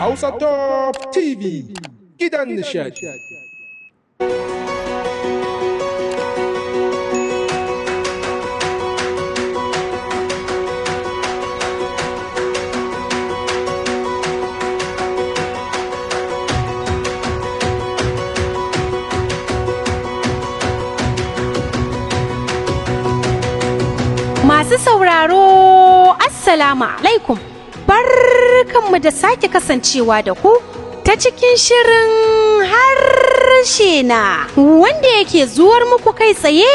Hausa Top TV gidan nishadi. Masu sauraro, Assalamu alaikum. barkanmu da sake kasancewa da ku ta cikin shirin harshe na wanda yake zuwar muku kai tsaye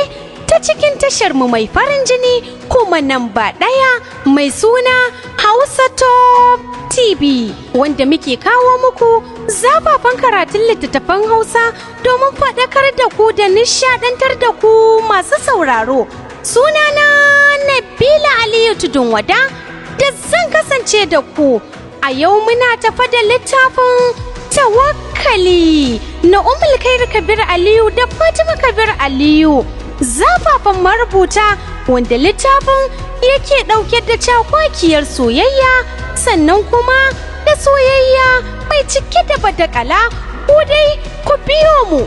ta cikin tashar mu mai farin jini kuma nan ba ɗaya mai suna Hausa Top TV wanda muke kawo muku zafafan karatun littattafan Hausa domin faɗakar da ku da nishaɗantar da ku masu sauraro. Suna na Nabila Aliyu Tudun Wada. da zan kasance da ku a yau muna tafa da littafin tawakkali na umul kairu kabir aliyu da fatima kabir aliyu zafafan marubuta wanda littafin yake ɗauke da cakwakiyar soyayya sannan kuma da soyayya mai cike da badakala ko dai ku biyo mu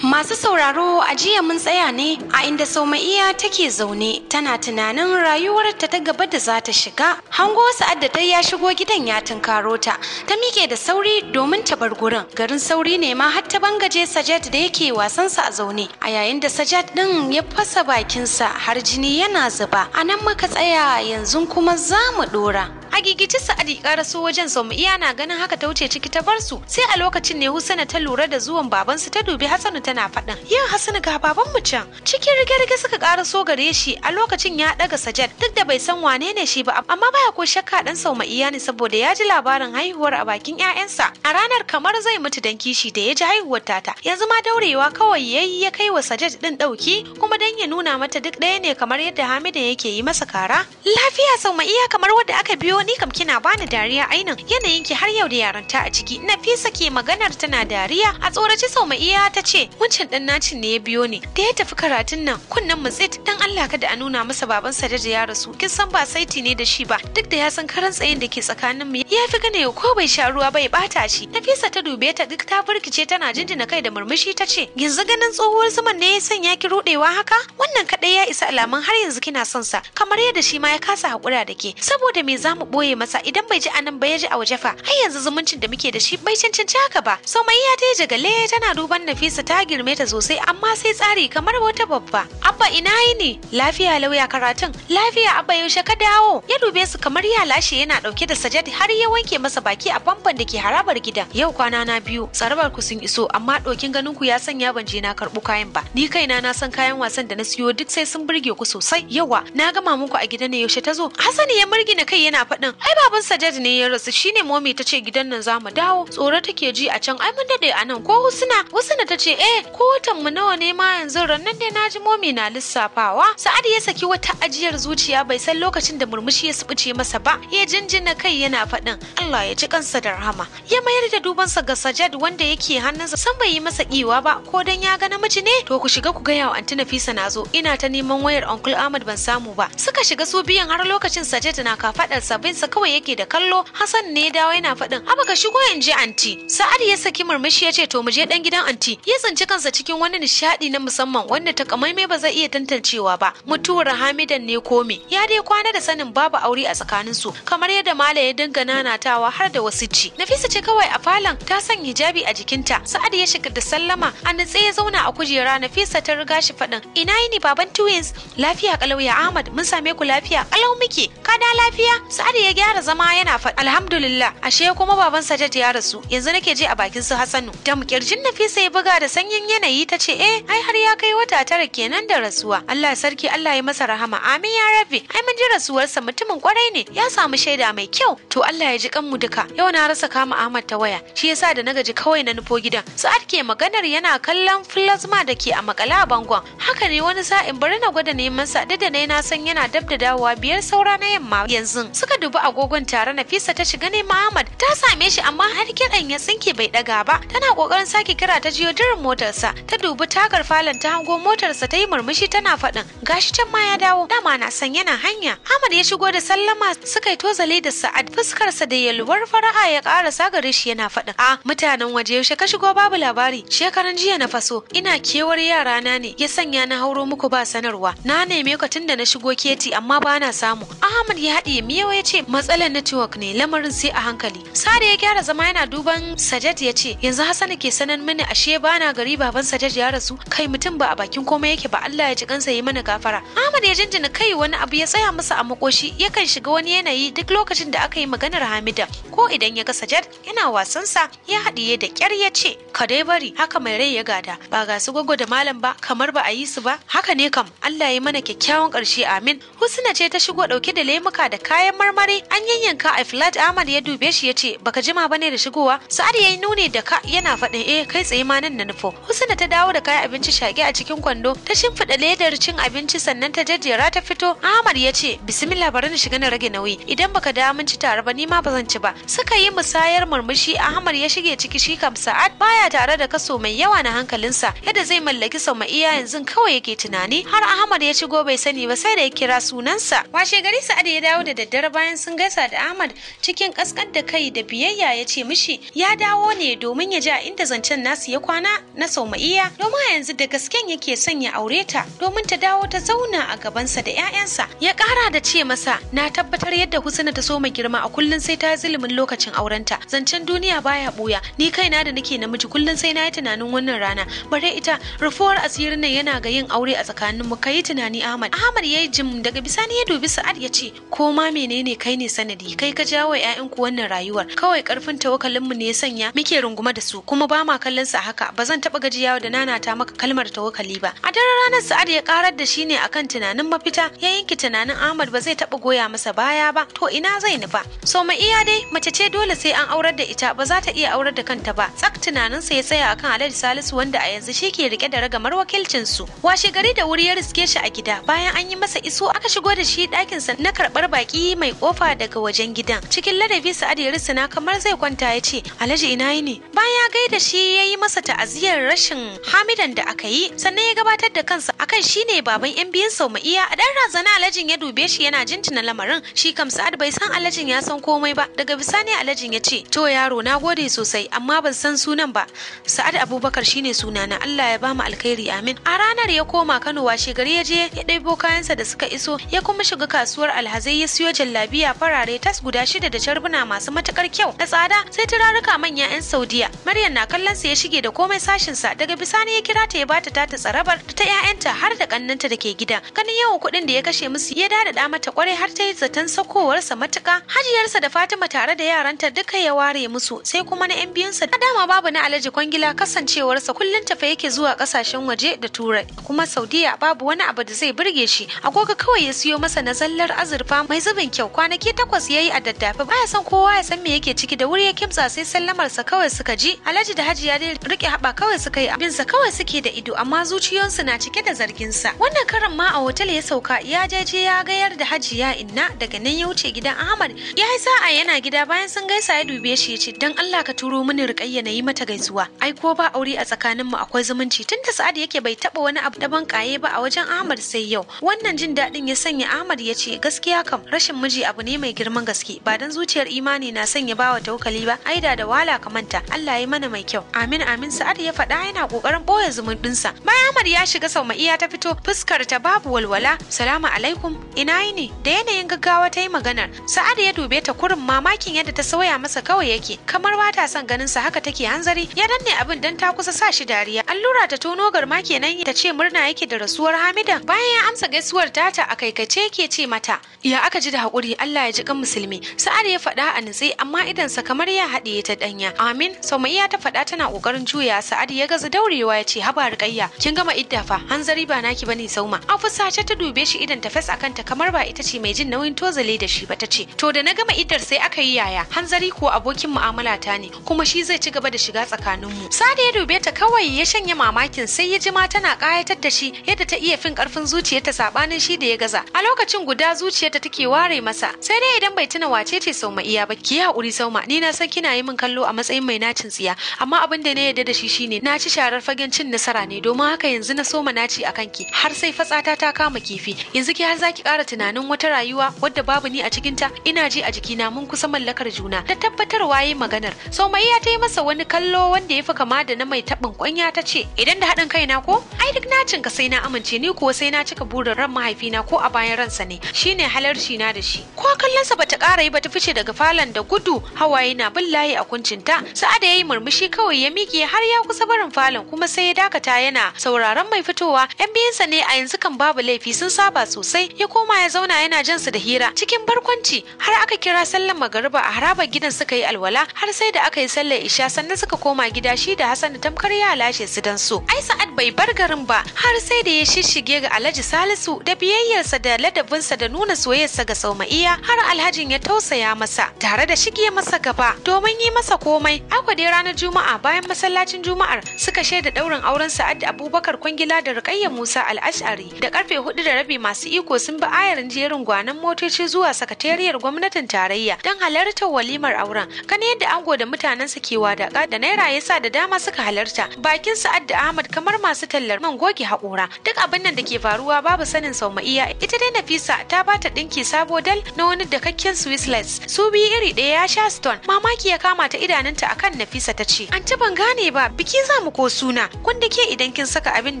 Masu sauraro ajiya mun tsaya ne a inda Soma'iya take zaune tana tunanin rayuwarta ta gaba da za ta shiga. Hango sa'ad da ta ya shigo gidan ya tunkaro ta, ta mike da sauri domin ta bar gurin. Garin sauri ne ma har ta bangaje Sajad da yake wasansa a zaune. A yayin da Sajad din ya fasa bakinsa har jini yana zuba. A nan muka tsaya yanzu kuma za mu ɗora. a gigici sa'adi karaso wajen iya na ganin haka ta wuce ciki ta bar su sai a lokacin ne husana ta lura da zuwan baban su, ta dubi hassanu tana faɗin yin hassanu ga baban mu can cikin rige-rige suka karaso gare shi a lokacin ya daga sajad duk da bai san wane ne shi ba amma baya ko shakka dan iya ne saboda ya ji labarin haihuwar a bakin 'ya'yansa a ranar kamar zai mutu dan kishi da ya ji haihuwar tata yanzu ma daurewa kawai yayi ya kai wa sajad din dauki kuma dan ya nuna mata duk ɗaya ne kamar yadda Hamida yake yi masa kara lafiya sau iya kamar wadda aka biyo ni kam kina bani dariya ainin yanayin ki har yau da yaranta a ciki Nafisa ke maganar tana dariya a tsorace iya ta ce wancan dan nacin ne ya biyo ni da ya tafi karatun nan kunnen mutsit dan Allah kada a nuna masa baban sa da ya rasu kin san ba saiti ne da shi ba duk da ya san karan tsayin da ke tsakanin mu ya fi gane ko bai sha ruwa bai bata shi Nafisa ta dube ta duk ta burkice tana jinjina kai da murmushi ta ce yanzu ganin tsohuwar zaman ne ya sanya ki rudewa haka wannan kadai ya isa alamun har yanzu kina son sa kamar yadda shi ma ya kasa hakura da ke saboda me zamu boye masa idan bai ji a nan ba ya ji a waje fa har yanzu zumuncin da muke da shi bai cancanci haka ba somaiya ta je jagale tana duban nafisa ta girme ta sosai amma sai tsari kamar wata babba abba ina yi ne lafiya lauya karatun lafiya abba yaushe ka dawo ya dube su kamar ya lashe yana dauke da sajad har ya wanke masa baki a famfon da ke harabar gidan yau kwana na biyu tsarabar ku sun iso amma dokin ganin ku ya sanya ban je na karbu kayan ba ni kaina na san kayan wasan da na siyo duk sai sun burge ku sosai yawa na gama muku a gidan ne yaushe ta zo hasani ya murgina kai yana din ai baban sajad ne ya rasu shine momi ta ce gidan nan za mu dawo tsoro take ji a can ai mun dade a nan ko husna husna ta ce eh ko watan mu nawa ne ma yanzu rannan dai naji momi na lissafawa sa'ad ya saki wata ajiyar zuciya bai san lokacin da murmushi ya subuce masa ba ya jinjina kai yana faɗin Allah ya ci kansa da rahama ya mayar da dubansa ga sajad wanda yake hannunsa san bai yi masa kiwa ba ko dan ya ga namiji ne to ku shiga ku gaya wa anti nafisa na zo ina ta neman wayar uncle ahmad ban samu ba suka shiga su biyan har lokacin sajad na kafadar sabbin sa kawai yake da kallo Hassan ne ya dawo yana faɗin haba ka shigo in je anti Sa'ad ya saki murmushi ya ce to mu je dan gidan anti ya tsinci kansa cikin wani nishadi na musamman wanda takamaimai ba zai iya tantancewa ba mutuwar Hamidan ne ko me ya dai kwana da sanin babu aure a tsakanin su kamar yadda Mala ya dinga nanatawa har da wasu ci Nafisa ce kawai a falon ta san hijabi a jikinta Sa'ad ya shiga da sallama a natse ya zauna a kujera Nafisa ta riga shi faɗin ina yi yini baban twins lafiya kalau ya Ahmad mun same ku lafiya kalau muke ka da lafiya ya gyara zama yana faɗi alhamdulillah ashe kuma baban Sajjad ya rasu yanzu nake je a bakin su Hassanu da mukirjin Nafisa ya buga da sanyin yanayi ta ce eh ai har ya kai wata tara kenan da rasuwa Allah sarki Allah ya masa rahama amin ya rabbi ai mun ji rasuwarsa mutumin kwarai ne ya samu shaida mai kyau to Allah ya ji kan mu duka yau na rasa kama Ahmad ta waya shi yasa da na gaji kawai na nufo gidan Sa'ad ke maganar yana kallon plasma da ke a makala a bangon haka ne wani sa'in bari na gwada neman sa da na san yana dab da dawowa biyar saura na yamma yanzu suka dubi agogon tare Nafisa ta shiga nema Ahmad ta same shi amma har kiran ya tsinke bai daga ba tana kokarin sake kira ta jiyo dirin motarsa ta dubi tagar falon ta hango motarsa ta yi murmushi tana faɗin gashi can ma ya dawo dama na san yana hanya Ahmad ya shigo da sallama suka yi tozale da Sa'ad fuskarsa da yalwar fara'a ya kara sagare shi yana faɗin a ah, mutanen waje yaushe ka shigo babu labari shekaran jiya na faso ina kewar yara na ne ya sanya na hauro muku ba sanarwa na neme ka tun da na shigo keti amma ba na samu Ahmad ya haɗiye miyawa ya ce ce matsalar network ne lamarin sai a hankali sada ya gyara zama yana duban sajad ya ce yanzu hassan ke sanan mini ashe bana gari baban sajad ya rasu kai mutum ba a bakin komai yake ba allah ya ji kansa yi mana gafara ahmad ya jinjina kai wani abu ya tsaya masa a makoshi yakan shiga wani yanayi duk lokacin da aka yi maganar hamida ko idan ya ga sajad yana sa. ya haɗiye da kyar ya ce ka dai bari haka mai rai ya gada ba ga su da malam ba kamar ba a yi su ba haka ne kam allah ya mana kyakkyawan ƙarshe amin husna ce ta shigo ɗauke da lemuka da kayan marmari marmari an yanyanka a flat Ahmad ya dube shi ya ce baka jima bane da shigowa Sa'ad ya yi nuni da ka yana faɗin eh kai tsaye ma nan na nufo Husna ta dawo da kayan abinci shaƙe a cikin kwando ta shimfiɗa ledar cin abinci sannan ta jajjera ta fito Ahmad ya ce bismillah bari na shiga na rage nauyi idan baka da aminci ci tare ba ni ma ba zan ci ba suka yi musayar murmushi Ahmad ya shige ciki shi kam Sa'ad baya tare da kaso mai yawa na hankalinsa yadda zai mallaki iya yanzu kawai yake tunani har Ahmad ya shigo bai sani ba sai da ya kira sunansa washe gari Sa'ad ya dawo da daddare bayan bayan sun gaisa da Ahmad cikin kaskar da kai da biyayya ya ce mishi ya dawo ne domin ya ja inda zancen nasu ya kwana na sauma'iya domin yanzu da gasken yake son ya aure ta domin ta dawo ta zauna a gabansa da 'ya'yansa ya kara da ce masa na tabbatar yadda Husna ta so mai girma a kullun sai ta zulumin lokacin aurenta zancen duniya baya buya ni kaina da nake namiji kullun sai na yi tunanin wannan rana bare ita rufuwar asirin nan yana ga yin aure a tsakaninmu ka yi tunani Ahmad Ahmad ya yi jim daga bisani ya dubi Sa'ad ya ce ko ma menene kai ne sanadi kai ka jawo ku wannan rayuwar kawai karfin tawakkalin mu ne ya sanya muke runguma da su kuma ba ma kallon sa haka ba zan taba gajiyawa da nana ta maka kalmar tawakkali ba a daren ranar sa'ad ya karar da shi ne akan tunanin mafita ya yanke tunanin Ahmad ba zai taba goya masa baya ba to ina zai nufa so ma iya dai mace ce dole sai an aurar da ita ba za ta iya aurar da kanta ba tsak tunaninsa ya tsaya akan Alhaji Salisu wanda a yanzu shi ke rike da ragamar wakilcin su washe gari da wuri ya riske shi a gida bayan an yi masa iso aka shigo da shi sa na karɓar baki mai ƙo kofa daga wajen gidan cikin ladabi sa'ad ya na kamar zai kwanta ya ce alhaji ina yi ne bayan ya gaida shi ya yi masa ta'aziyar rashin hamidan da aka yi sannan ya gabatar da kansa akan shine baban yan biyun sau iya a dan razana alhajin ya dube shi yana jinjina lamarin shi kam sa'ad bai san alhajin ya san komai ba daga bisani alhajin ya ce to yaro na gode sosai amma ban san sunan ba sa'ad abubakar shine sunana allah ya bamu alkhairi amin a ranar ya koma kano washe gari ya je ya ɗebo kayansa da suka iso ya kuma shiga kasuwar alhazai ya siyo jallabi Saudiya farare tas guda shida da charbuna masu matakar kyau na tsada sai turaruka manya 'yan Saudiya. Maryam na kallon sa ya shige da komai sashin sa daga bisani ya kira ta ya bata ta ta tsarabar ta 'ya'yanta har da kannanta da ke gida. Ganin yawan kuɗin da ya kashe musu ya da mata kwarai har ta yi zaton sakowarsa matuka. Hajiyarsa da Fatima tare da yaranta duka ya ware musu sai kuma na 'yan biyunsa da dama babu na Alhaji Kwangila kasancewarsa kullum tafe yake zuwa kasashen waje da Turai kuma Saudiya babu wani abu da zai burge shi. Agogo kawai ya siyo masa na zallar azurfa mai zubin kyau kwana kwanaki takwas yayi a daddafe baya san kowa ya san me yake ciki da wuri ya kimtsa sai sa kawai suka ji alhaji da hajiya dai rike haba kawai suka yi sa kawai suke da ido amma zuciyoyinsu na cike da zarginsa wannan karan ma a hotel ya sauka ya je ya gayar da hajiya inna daga nan ya wuce gidan ahmad ya yi sa'a yana gida bayan sun gaisa ya dube shi ya ce dan allah ka turo mini rikayya na yi mata gaisuwa ai ko ba aure a tsakaninmu akwai zumunci tun da sa'ad yake bai taba wani abu daban kaye ba a wajen ahmad sai yau wannan jin daɗin ya sanya ahmad ya ce gaskiya kam rashin miji abu abu ne mai girman gaske ba dan zuciyar imani na sanya bawa tawakkali ba aida da wala ka manta Allah ya mana mai kyau amin amin sa'ad ya faɗa yana kokarin boye dinsa. bayan Ahmad ya shiga sauma'iya ta fito fuskar ta babu walwala salamu alaikum ina ne da yanayin gaggawa ta yi maganar sa'ad ya dube ta kurin mamakin yadda ta sauya masa kawai yake kamar ba ta son ganin sa haka take hanzari ya danne abin dan ta kusa sa shi dariya allura ta tono garma kenan ta ce murna yake da rasuwar Hamida bayan ya amsa gaisuwar tata a kaikace ke ce mata ya aka ji da haƙuri Allah ya ji kan musulmi sa'ad ya faɗa a nutse amma idan sa kamar ya haɗiye ta danya amin saumayya ta faɗa tana ƙoƙarin juya sa'ad ya gaza daurewa ya ce haba rikayya kin gama idda fa hanzari ba naki bane sauma a ce ta dube shi idan ta fes a kanta kamar ba ita ce mai jin nauyin tozale da shi ba ta ce to da na gama iddar sai aka yi yaya hanzari ko abokin mu'amala ta ne kuma shi zai ci gaba da shiga tsakanin tsakaninmu sa'ad ya dube ta kawai ya shanye mamakin sai ya ji ma tana ƙayatar da shi yadda ta iya fin ƙarfin zuciyarta sabanin shi da ya gaza a lokacin guda zuciyarta take ware masa sai dai idan bai tuna wace ce sauma iya ba ki hakuri sauma ni na san kina yi min kallo a matsayin mai nacin tsiya amma abin da na yarda da shi shine na ci sharar fagen cin nasara ne domin haka yanzu na soma naci a kanki har sai fatsata ta kama kifi yanzu ki har za ki ƙara tunanin wata rayuwa wadda babu ni a cikinta ina ji a jikina mun kusa mallakar juna ta tabbatar waye maganar sauma iya ta yi masa wani kallo wanda ya fi kama da na mai taɓin kwanya ta ce idan da haɗin kai na ko ai duk na cinka sai na amince ni kuwa sai na cika burin ran mahaifina ko a bayan ransa ne shine halarci na da shi ko kallonsa bata ƙara yi ba ta fice daga falon da gudu hawaye na bin layi a kuncinta sa'ada ya yi murmushi kawai ya miƙe har ya kusa barin falon kuma sai ya dakata yana sauraron mai fitowa yan biyansa ne a yanzu kan babu laifi sun saba sosai ya koma ya zauna yana jan su da hira cikin barkwanci har aka kira sallan magariba a harabar gidan suka yi alwala har sai da aka yi sallar isha sannan suka koma gida shi da Hassan tamkar ya lashe su dan so ai sa'ad bai bar garin ba har sai da ya shishige ga Alhaji Salisu da biyayyarsa da ladabinsa da nuna soyayyarsa ga Sauma'iya har alhajin ya tausaya masa tare da shige masa gaba domin yi masa komai akwai dai ranar juma'a bayan masallacin juma'ar suka shaida daurin auren sa'ad abubakar kwangila da rukayya musa al'ashari da karfe hudu da rabi masu iko sun bi ayarin jerin gwanan motoci zuwa sakatariyar gwamnatin tarayya don halartar walimar auren kan yadda ango da mutanensa ke wadaka da naira yasa da dama suka halarta bakin sa'ad da ahmad kamar masu tallar man goge haƙora duk abin nan da ke faruwa babu sanin sauma'iya ita dai nafisa ta bata ɗinki sabo dal na wani dakakken swissless su biyu iri ɗaya ya sha stone mamaki ya kama ta idanunta akan nafisa ta ce an ban gane ba biki za mu ko suna kun ke idan kin saka abin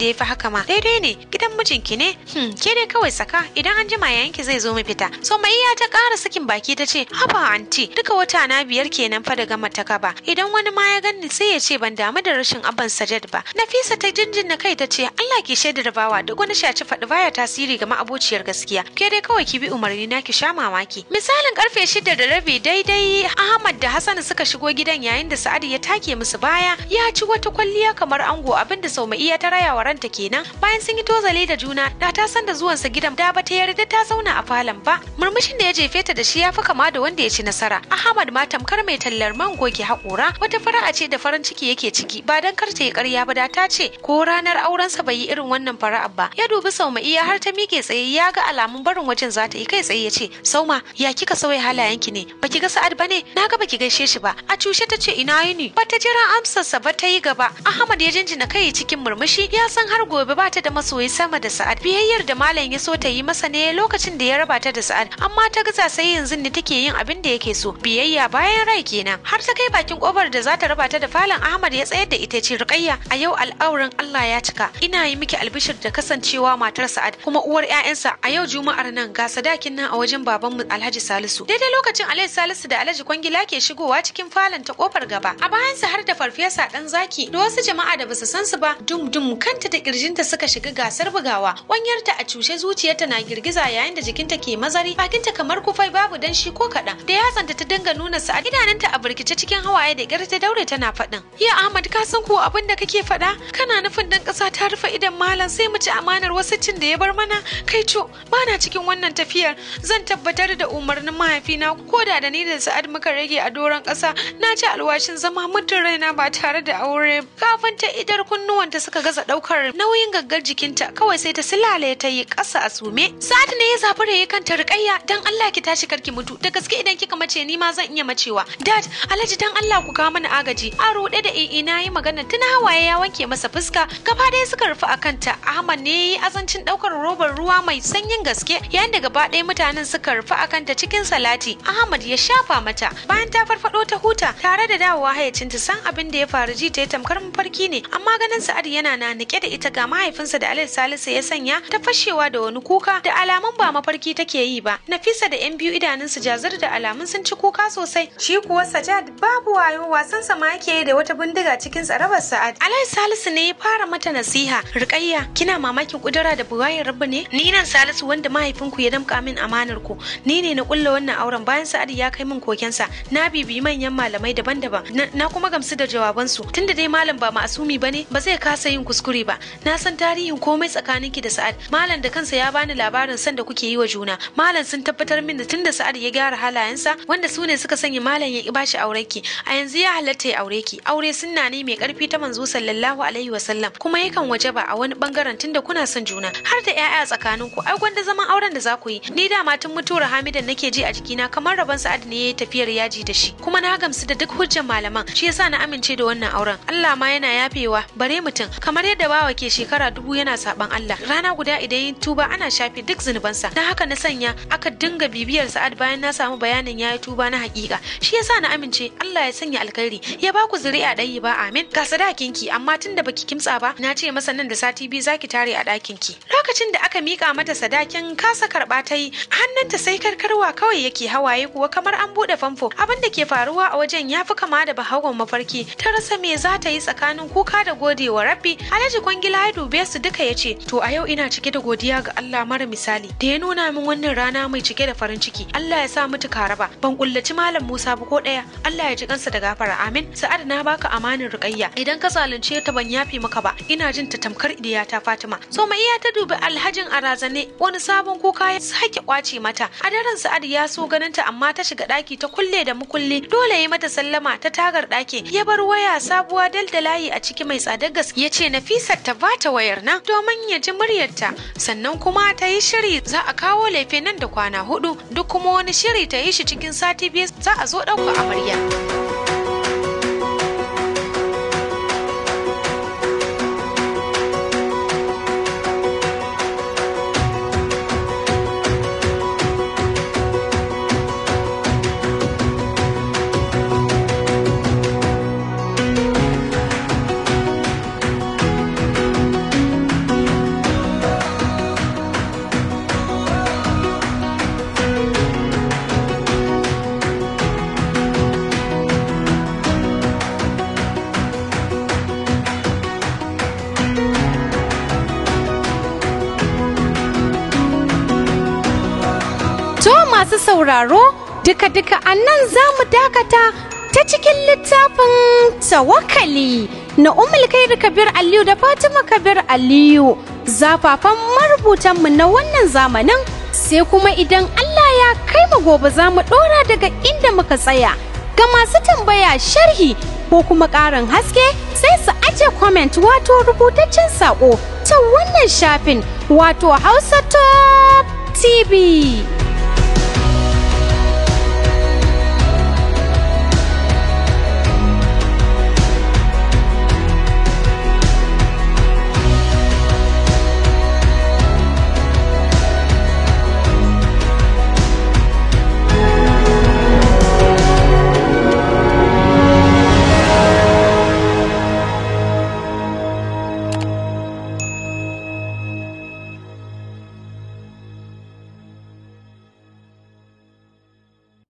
da ya fi haka ma daidai ne gidan mijinki ne hmm ke dai kawai saka idan an jima yayanki zai zo mu fita so mai iya ta ƙara sakin baki ta ce haba anti duka wata na biyar kenan fa daga mataka ba idan wani ma ya ganni sai ya ce ban damu da rashin abban sajad ba nafisa ta jinjina kai ta ce Allah ki shaidar bawa duk wani shaci faɗi baya tasiri ga ma'abociyar gaskiya ke dai kawai ki bi umarni na ki sha mamaki misalin karfe shida da rabi daidai ahmad da hassan suka shigo gidan yayin da sa'adu ya take musu baya ya ci wata kwalliya kamar ango abinda sauma'iya ta raya wa ranta kenan bayan sun yi tozale da juna da ta san da zuwansa gidan da ba ta yarda ta zauna a falon ba murmushin da ya jefe ta da shi ya fi kama da wanda ya ci nasara ahmad ma tamkar mai tallar man goge haƙura wata fara'a ce da farin ciki yake ciki ba dan kar ta yi ƙarya ba da ta ce ko ranar aurensa bai yi irin wannan fara'a ba ya dubi sauma'iya har ta miƙe tsaye ya ga alamun barin wajen za ta yi kai tsaye ya ce Sauma ya kika sauya halayenki ne baki ga Sa'ad bane na ga baki gaishe shi ba a cushe ta ce ina yini ta jira amsarsa ba ta yi gaba Ahmad ya jinjina kai cikin murmushi ya san har gobe ba ta da masoyi sama da Sa'ad biyayyar da malam ya so ta yi masa ne lokacin da ya raba ta da Sa'ad amma ta gaza sai yanzu ne take yin abin da yake so biyayya bayan rai kenan har ta kai bakin kofar da za ta raba ta da falon Ahmad ya tsayar da ita ce Ruqayya a yau al'auran Allah ya cika ina yi miki albishir da kasancewa matar Sa'ad kuma uwar 'ya'yansa a yau Juma'ar nan ga sadakin nan a wajen baban Alhaji Salisu. Daidai lokacin Alhaji Salisu da Alhaji Kwangila ke shigowa cikin falon ta kofar gaba. A bayan bayansa har da farfesa dan zaki da wasu jama'a da basu san su ba dum dum kanta da kirjinta suka shiga gasar bugawa. Wanyarta a cushe zuciyarta na girgiza yayin da jikinta ke mazari bakinta kamar kufai babu danshi ko kaɗan. Da yatsanta ta dinga nuna su a idanunta a birkice cikin hawaye da ƙyar ta daure tana faɗin. Ya Ahmad ka san ko abin da kake faɗa kana nufin dan ƙasa ta rufe idan malam sai mu ci amanar wasu cin da ya bar mana kai co bana cikin wannan tafiyar zan tabbata tabbatar da umarnin mahaifina ko da da ni da sa'ad muka rage a doron ƙasa na ci alwashin zama mutum raina ba tare da aure kafin ta idar kunnuwanta suka gaza ɗaukar nauyin gaggar jikinta kawai sai ta silale ta yi ƙasa a sume sa'ad ne ya zafi da ya kanta riƙayya dan Allah ki tashi karki mutu da gaske idan kika mace ni ma zan iya macewa dad alhaji dan Allah ku kawo mana agaji a ruɗe da ee eh, eh, na yi magana tuna hawaye ya wanke masa fuska gaba ɗaya suka rufe a kanta Ahmad ne ya yi azancin ɗaukar robar ruwa mai sanyin gaske yayin da gaba ɗaya mutanen suka Farfa a kanta cikin salati Ahmad ya shafa mata bayan ta farfado ta huta tare da dawowa hayacinta san abin da ya faru ji ta tamkar mafarki ne amma ganin Sa'ad yana na nike da ita ga mahaifinsa da Alhaji Salisu ya sanya ta fashewa da wani kuka da alamun ba mafarki take yi ba Nafisa da yan biyu idanunsu jazir da alamun sun ci kuka sosai shi kuwa Sajad babu wayo wasan sa ma yake da wata bindiga cikin tsarabar Sa'ad Alhaji Salisu ne ya fara mata nasiha Rukayya kina mamakin kudura da buwayin rabbi ne ni nan Salisu wanda mahaifinku ya damka min amanar ku ni ne na kulla wannan auren bayan sa'adi ya kai min kokensa na bibi manyan malamai daban-daban na kuma gamsu da jawabansu tunda dai malam ba ma'asumi bane ba zai kasa yin kuskure ba na san tarihin komai tsakaninki da Sa'ad malam da kansa ya bani labarin san da kuke yi wa juna malam sun tabbatar min da tunda Sa'ad ya gyara halayensa wanda su ne suka sanya malam ya ibashi aureki, aurenki a yanzu ya halatta ya aureki. aure sunna ne mai karfi ta manzo sallallahu alaihi wasallam kuma yakan waje ba a wani bangaren tunda kuna son juna har da 'ya'ya tsakaninku ai gwanda zaman auren da za ku yi ni da mutuwar tura hamidan nake ji a jikina kamar rabon sa'ad ne yayi tafiyar yaji da shi kuma na gamsu da duk hujjan malaman shi yasa na amince da wannan auren Allah ma yana yafewa bare mutum kamar yadda bawa ke shekara dubu yana saban Allah rana guda idan yin tuba ana shafe duk zunubansa dan haka na sanya aka dinga bibiyar sa'ad bayan na samu bayanin yayi tuba na hakika shi yasa na amince Allah ya sanya alkhairi ya ba baku zuri'a dai ba amin ga ki amma tun da baki kimtsa ba na ce masa nan da sati biyu zaki tare a ki lokacin da aka mika mata sadakin kasa karɓa ta yi hannunta sai sai karkarwa kawai yake hawaye kuwa kamar an buɗe famfo abin da ke faruwa a wajen ya fi kama da bahawan mafarki ta rasa me za ta yi tsakanin kuka da godewa rabbi alhaji kwangila ya dube su duka ya ce to a yau ina cike da godiya ga Allah mara misali da ya nuna min wannan rana mai cike da farin ciki Allah ya sa mutu karaba ban kullaci malam Musa ba ko daya Allah ya ji kansa da gafara amin sa'ad na baka amanin ruqayya idan ka zalunce ta ban yafi maka ba ina jin ta tamkar idiyata Fatima so ma iya ta dubi alhajin arazane wani sabon kuka ya sake kwace mata adaran sa'ad ya so ganin ta, amma ta shiga ɗaki ta kulle da mukulli dole yi mata sallama ta tagar ɗaki ya bar waya sabuwa daldalayi a ciki mai tsadar gaske ya ce nafisar ta bata wayar nan domin ya ji muryarta sannan kuma ta yi shiri za a kawo lefe nan da kwana hudu duk kuma wani shiri ta yi shi cikin sati biyu za a zo ɗauka amarya. masu sauraro duka-duka a nan za mu dakata ta cikin littafin tawakali na umar kabir aliyu da fatima kabir aliyu zafafan marubutanmu na wannan zamanin sai kuma idan allah ya kai mu gobe za mu ɗora daga inda muka tsaya ga masu tambaya sharhi ko kuma ƙarin haske sai su aje comment wato rubutaccen sako ta wannan shafin wato hausa top